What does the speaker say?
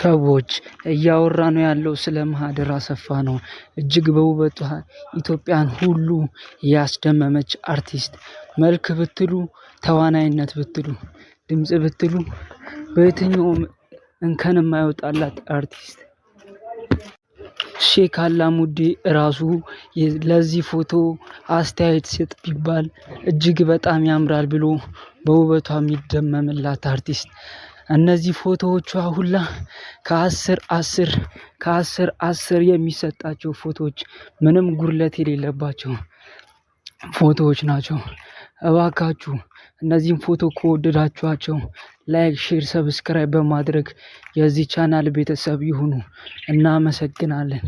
ሰዎች እያወራ ነው ያለው ስለ ማህደር አሰፋ ነው። እጅግ በውበቷ ኢትዮጵያን ሁሉ ያስደመመች አርቲስት፣ መልክ ብትሉ፣ ተዋናይነት ብትሉ፣ ድምፅ ብትሉ፣ በየትኛውም እንከን የማይወጣላት አርቲስት ሼክ አላሙዴ እራሱ ለዚህ ፎቶ አስተያየት ስጥ ቢባል እጅግ በጣም ያምራል ብሎ በውበቷ የሚደመምላት አርቲስት እነዚህ ፎቶዎቿ ሁላ ከአስር አስር ከአስር አስር የሚሰጣቸው ፎቶዎች ምንም ጉድለት የሌለባቸው ፎቶዎች ናቸው። እባካችሁ እነዚህም ፎቶ ከወደዳችኋቸው ላይክ፣ ሼር፣ ሰብስክራይብ በማድረግ የዚህ ቻናል ቤተሰብ ይሁኑ። እናመሰግናለን።